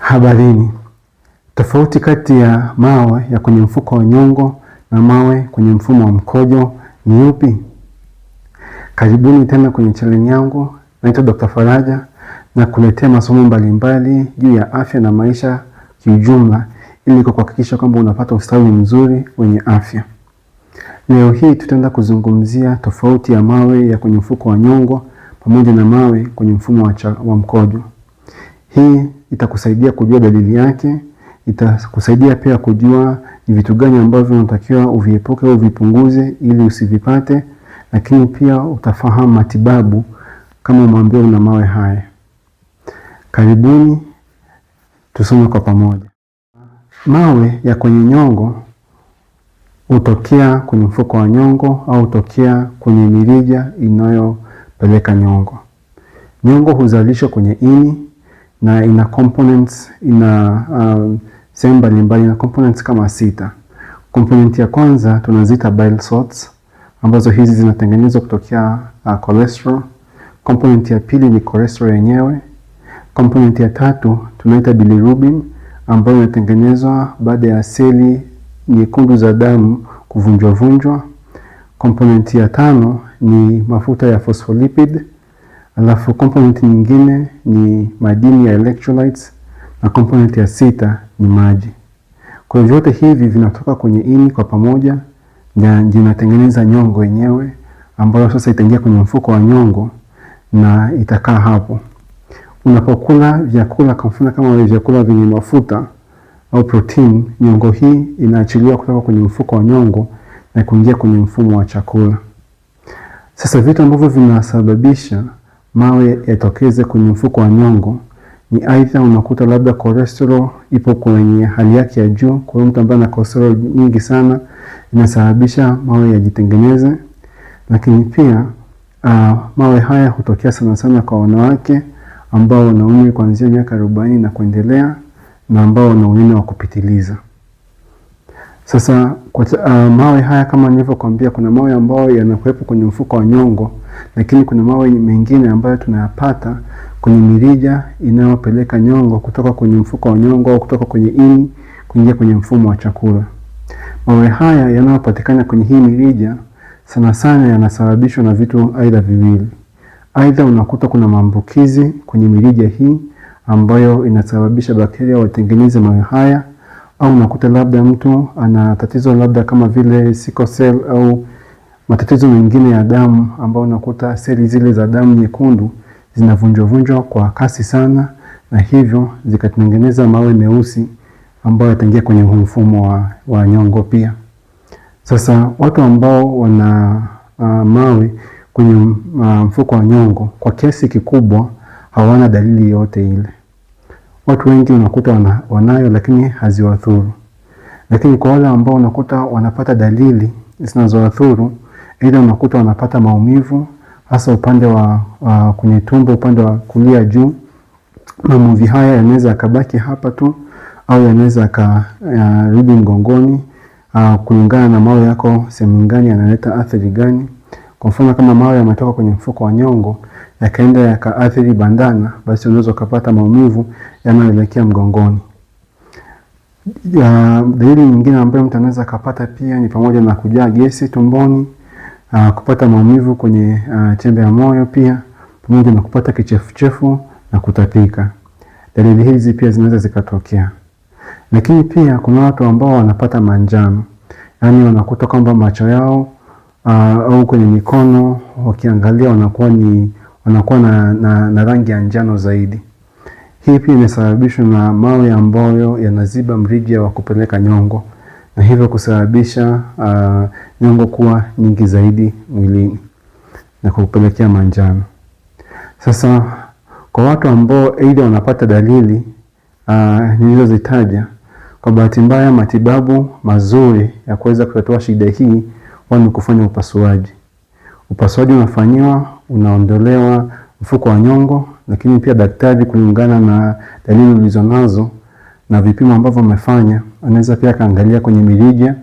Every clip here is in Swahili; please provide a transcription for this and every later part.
Habarini. Tofauti kati ya mawe ya kwenye mfuko wa nyongo na mawe kwenye mfumo wa mkojo ni upi? Karibuni tena kwenye chaneli yangu. Naitwa Dr. Faraja na kuletea masomo mbalimbali juu ya afya na maisha kiujumla, ili kuhakikisha kwamba unapata ustawi mzuri wenye afya. Leo hii tutaenda kuzungumzia tofauti ya mawe ya kwenye mfuko wa nyongo pamoja na mawe kwenye mfumo wa, wa mkojo. Hii itakusaidia kujua dalili yake, itakusaidia pia kujua ni vitu gani ambavyo unatakiwa uviepuke au vipunguze ili usivipate, lakini pia utafahamu matibabu kama umwambia una mawe haya. Karibuni tusome kwa pamoja. Mawe ya kwenye nyongo hutokea kwenye mfuko wa nyongo au hutokea kwenye mirija inayopeleka nyongo. Nyongo huzalishwa kwenye ini na ina components, ina um, sehemu mbalimbali ina components kama sita. Component ya kwanza tunaziita bile salts ambazo hizi zinatengenezwa kutokea uh, cholesterol. Component ya pili ni cholesterol yenyewe. Component ya tatu tunaita bilirubin ambayo inatengenezwa baada ya seli nyekundu za damu kuvunjwa vunjwa. Komponenti ya tano ni mafuta ya phospholipid Alafu komponenti nyingine ni madini ya electrolytes na komponenti ya sita ni maji. Kwa hiyo vyote hivi vinatoka kwenye ini kwa pamoja na vinatengeneza nyongo yenyewe ambayo sasa itaingia kwenye mfuko wa nyongo na itakaa hapo. Unapokula vyakula kwa mfano kama vyakula vyenye mafuta au protein, nyongo hii inaachiliwa kutoka kwenye mfuko wa nyongo na kuingia kwenye mfumo wa chakula. Sasa vitu ambavyo vinasababisha mawe yatokeze kwenye mfuko wa nyongo ni aidha unakuta labda cholesterol ipo kwenye hali yake ya juu. Kwa hiyo mtu ambaye ana cholesterol nyingi sana inasababisha mawe yajitengeneze, lakini pia uh, mawe haya hutokea sana sana kwa wanawake ambao wana umri kuanzia miaka arobaini na kuendelea na ambao wana unene wa kupitiliza. Sasa kwa, uh, mawe haya kama nilivyokuambia, kuna mawe ambayo yanakuwepo kwenye mfuko wa nyongo lakini kuna mawe mengine ambayo tunayapata kwenye mirija inayopeleka nyongo kutoka kwenye mfuko wa nyongo au kutoka kwenye ini kuingia kwenye mfumo wa chakula. Mawe haya yanayopatikana kwenye hii mirija sana sana yanasababishwa na vitu aidha viwili. Aidha unakuta kuna maambukizi kwenye mirija hii ambayo inasababisha bakteria watengeneze mawe haya, au unakuta labda mtu ana tatizo labda kama vile sickle cell au Matatizo mengine ya damu ambayo unakuta seli zile za damu nyekundu zinavunjwavunjwa kwa kasi sana, na hivyo zikatengeneza mawe meusi ambayo yataingia kwenye mfumo wa, wa nyongo pia. Sasa watu ambao wana uh, mawe kwenye uh, mfuko wa nyongo kwa kiasi kikubwa hawana dalili yote ile. Watu wengi unakuta wana, wanayo lakini haziwathuru, lakini kwa wale ambao unakuta wanapata dalili zinazowathuru aidha unakuta wanapata maumivu hasa upande wa, wa kwenye tumbo upande wa kulia juu. Maumivu haya yanaweza yakabaki hapa tu au yanaweza yakarudi ya mgongoni uh, kulingana na mawe yako sehemu gani yanaleta athari gani. Kwa mfano kama mawe yametoka kwenye mfuko wa nyongo yakaenda yakaathiri bandana, basi unaweza ukapata maumivu yanayoelekea mgongoni. Uh, Dalili nyingine ambayo mtu anaweza akapata pia ni pamoja na kujaa gesi tumboni uh, kupata maumivu kwenye uh, chembe ya moyo pia pamoja na kupata kichefuchefu na kutapika. Dalili hizi pia zinaweza zikatokea, lakini pia kuna watu ambao wanapata manjano, yaani wanakuta kwamba macho yao uh, au kwenye mikono wakiangalia wanakuwa ni wanakuwa na, na, na rangi ya njano zaidi. Hii pia imesababishwa na mawe ambayo yanaziba mrija wa kupeleka nyongo na hivyo kusababisha uh, nyongo kuwa nyingi zaidi mwilini na kupelekea manjano. Sasa kwa watu ambao aidha wanapata dalili uh, nilizozitaja, kwa bahati mbaya, matibabu mazuri ya kuweza kutatua shida hii huwa ni kufanya upasuaji. Upasuaji unafanyiwa, unaondolewa mfuko wa nyongo, lakini pia daktari kulingana na dalili ulizonazo na vipimo ambavyo amefanya. Anaweza pia kaangalia kwenye mirija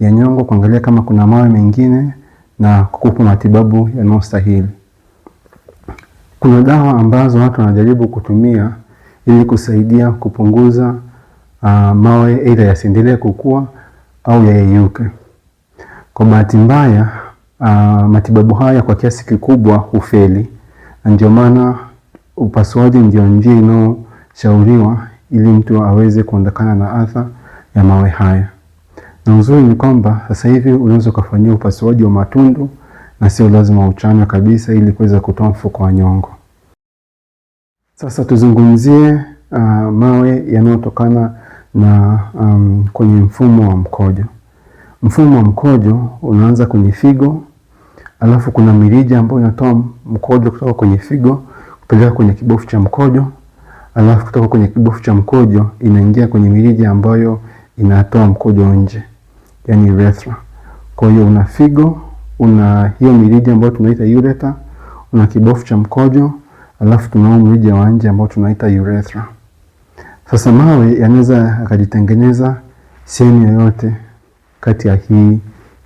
ya nyongo kuangalia kama kuna mawe mengine na kukupa matibabu yanayostahili. Kuna dawa ambazo watu wanajaribu kutumia ili kusaidia kupunguza uh, mawe aidha yasiendelee kukua au yayeyuke. Kwa bahati mbaya, uh, matibabu haya kwa kiasi kikubwa hufeli, na ndio maana upasuaji ndio njia inayoshauriwa ili mtu aweze kuondokana na adha ya mawe haya. Na uzuri ni kwamba sasa hivi unaweza ukafanyia upasuaji wa matundu na sio lazima uchana kabisa ili kuweza kutoa mfuko wa nyongo. Sasa tuzungumzie uh, mawe yanayotokana na um, kwenye mfumo wa mkojo. Mfumo wa mkojo unaanza kwenye figo, alafu kuna mirija ambayo inatoa mkojo kutoka kwenye figo kupeleka kwenye kibofu cha mkojo alafu kutoka kwenye kibofu cha mkojo inaingia kwenye mirija ambayo inatoa mkojo nje, yani urethra. Kwa hiyo una figo, una hiyo mirija ambayo tunaita ureter, una kibofu cha mkojo, alafu tunao mrija wa nje ambao tunaita urethra. Sasa mawe yanaweza akajitengeneza sehemu yoyote kati ya hii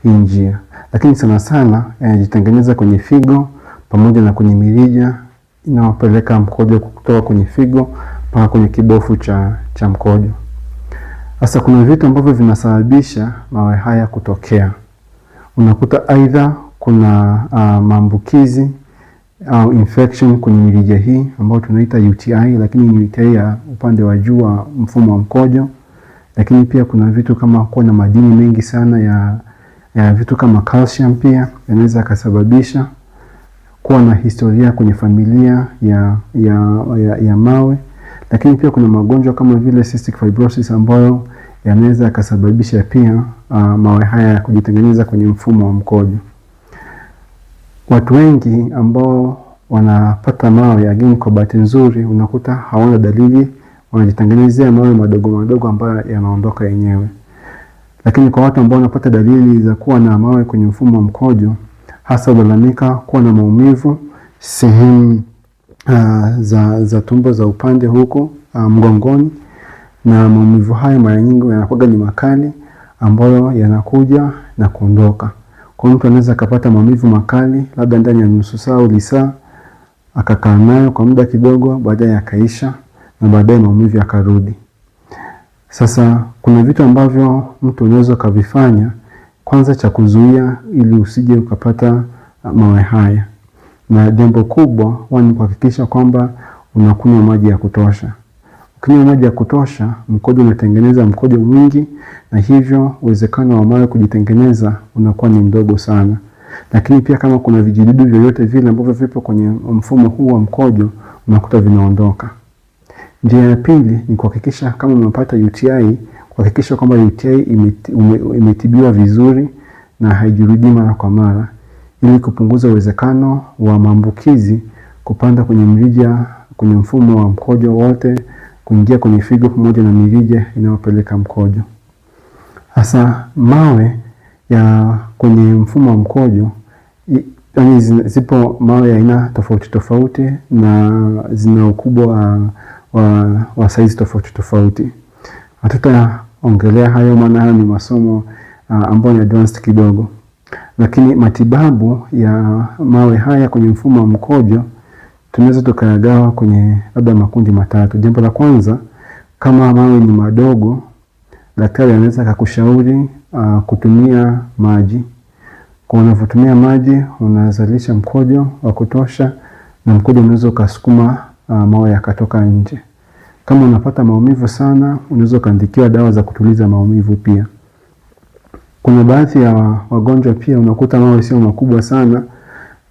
hii njia, lakini sana sana yanajitengeneza kwenye figo pamoja na kwenye mirija inawapeleka mkojo kutoka kwenye figo mpaka kwenye kibofu cha, cha mkojo. Sasa kuna vitu ambavyo vinasababisha mawe haya kutokea. Unakuta aidha kuna uh, maambukizi au infection kwenye mirija hii ambayo tunaita UTI, lakini ni UTI ya upande wa juu wa mfumo wa mkojo. Lakini pia kuna vitu kama kuwa na madini mengi sana ya, ya vitu kama calcium pia yanaweza yakasababisha kuwa na historia kwenye familia ya, ya, ya, ya mawe, lakini pia kuna magonjwa kama vile cystic fibrosis ambayo yanaweza yakasababisha pia uh, mawe haya ya kujitengeneza kwenye mfumo wa mkojo. Watu wengi ambao wanapata mawe again, kwa bahati nzuri, unakuta hawana dalili, wanajitengenezea mawe madogo madogo ambayo yanaondoka yenyewe. Lakini kwa watu ambao wanapata dalili za kuwa na mawe kwenye mfumo wa mkojo hasa hulalamika kuwa na maumivu sehemu uh, za, za tumbo za upande huku uh, ah, mgongoni, na maumivu hayo mara nyingi yanakuwa ni makali ambayo yanakuja na kuondoka. Kwa mtu anaweza akapata maumivu makali labda ndani ya nusu saa au lisaa, akakaa nayo kwa muda kidogo, baadaye yakaisha na baadaye maumivu yakarudi. Sasa kuna vitu ambavyo mtu unaweza ukavifanya kwanza cha kuzuia ili usije ukapata ah, mawe haya, na jambo kubwa huwa ni kuhakikisha kwamba unakunywa maji ya kutosha. Ukinywa maji ya kutosha, mkojo unatengeneza mkojo mwingi, na hivyo uwezekano wa mawe kujitengeneza unakuwa ni mdogo sana. Lakini pia kama kuna vijidudu vyovyote vile ambavyo vipo kwenye mfumo huu wa mkojo, unakuta vinaondoka. Njia ya pili ni kuhakikisha kama umepata UTI kuhakikisha kwamba UTI imetibiwa vizuri na haijirudii mara kwa mara ili kupunguza uwezekano wa maambukizi kupanda kwenye mrija, kwenye mfumo wa mkojo wote, kuingia kwenye figo pamoja na mirija inayopeleka mkojo. Hasa mawe ya kwenye mfumo wa mkojo, Yani zipo mawe ya aina tofauti tofauti na zina ukubwa wa, wa saizi tofauti tofauti hatutaongelea hayo, maana hayo ni masomo uh, ambayo ni advanced kidogo, lakini matibabu ya mawe haya kwenye mfumo wa mkojo tunaweza tukayagawa kwenye labda makundi matatu. Jambo la kwanza, kama mawe ni madogo, daktari anaweza akakushauri uh, kutumia maji. Kwa unavyotumia maji unazalisha mkojo wa kutosha, na mkojo unaweza ukasukuma uh, mawe yakatoka nje. Kama unapata maumivu sana, unaweza ukaandikiwa dawa za kutuliza maumivu pia. Kuna baadhi ya wagonjwa pia unakuta mawe sio makubwa sana,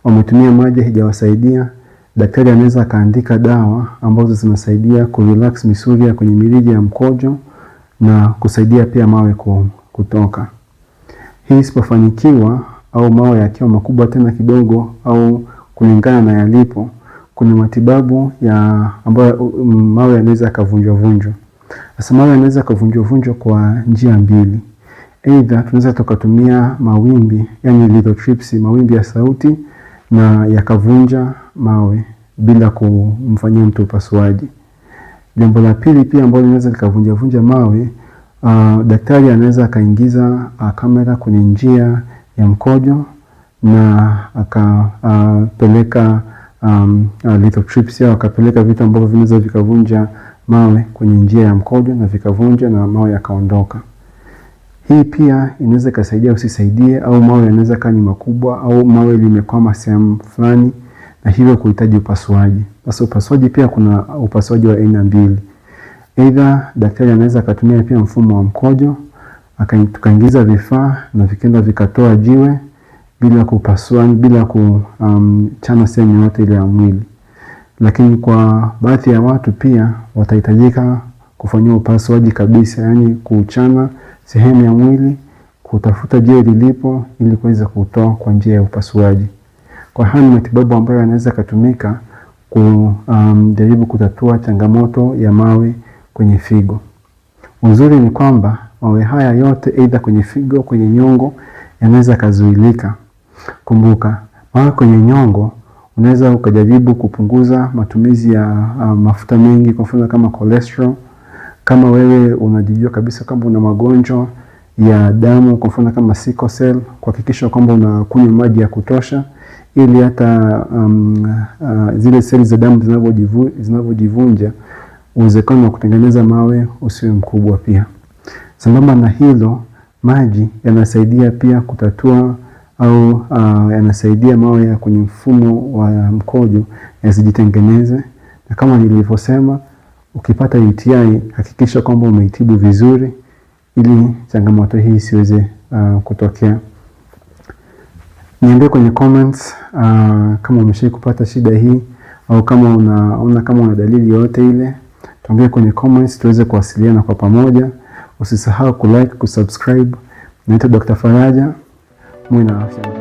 wametumia maji haijawasaidia, daktari anaweza akaandika dawa ambazo zinasaidia kurelax misuli ya kwenye mirija ya mkojo na kusaidia pia mawe kutoka. Hii isipofanikiwa au mawe yakiwa makubwa tena kidogo au kulingana na yalipo kuna matibabu ya ambayo mm, mawe yanaweza yakavunjwa vunjwa. Sasa mawe yanaweza yakavunjwa vunjwa kwa njia mbili, aidha tunaweza tukatumia mawimbi, yani lithotripsy, mawimbi ya sauti na yakavunja mawe bila kumfanyia mtu upasuaji. Jambo la pili pia ambalo linaweza likavunja vunja mawe uh, daktari anaweza akaingiza uh, kamera kwenye njia ya mkojo na akapeleka uh, um, uh, yao wakapeleka vitu ambavyo vinaweza vikavunja mawe kwenye njia ya mkojo na vikavunja na mawe yakaondoka. Hii pia inaweza ikasaidia usisaidie, au mawe yanaweza kaa ni makubwa, au mawe limekwama sehemu fulani, na hivyo kuhitaji upasuaji. Sasa upasuaji pia, kuna upasuaji wa aina mbili. Aidha, daktari anaweza akatumia pia mfumo wa mkojo, tukaingiza vifaa na vikenda vikatoa jiwe bila kupasua, bila kuchana um, sehemu yote ile ya mwili. Lakini kwa baadhi ya watu pia watahitajika kufanyia upasuaji kabisa, yani kuchana sehemu ya mwili, kutafuta jiwe lilipo ili kuweza kutoa kwa njia ya upasuaji. Kwa haya ni matibabu ambayo yanaweza katumika kujaribu um, kutatua changamoto ya mawe kwenye figo. Uzuri ni kwamba mawe haya yote aidha kwenye figo, kwenye nyongo yanaweza kazuilika Kumbuka, mara kwenye nyongo unaweza ukajaribu kupunguza matumizi ya ah, mafuta mengi, kwa mfano kama cholesterol. Kama wewe unajijua kabisa kwamba una magonjwa ya damu, kwa mfano kama sickle cell, kuhakikisha kwamba unakunywa maji ya kutosha ili hata um, uh, zile seli za damu zinavyojivunja uwezekano wa kutengeneza mawe usiwe mkubwa. Pia sambamba na hilo, maji yanasaidia pia kutatua au uh, yanasaidia mawe ya kwenye mfumo wa mkojo yasijitengeneze, na kama nilivyosema, ukipata UTI hakikisha kwamba umeitibu vizuri ili changamoto hii isiweze uh, kutokea. Niambie kwenye comments uh, kama umeshai kupata shida hii au kama unaona kama una dalili yoyote ile, tuambie kwenye comments tuweze kuwasiliana kwa pamoja. Usisahau kulike, kusubscribe. Naitwa Dr. Faraja. 困难啊。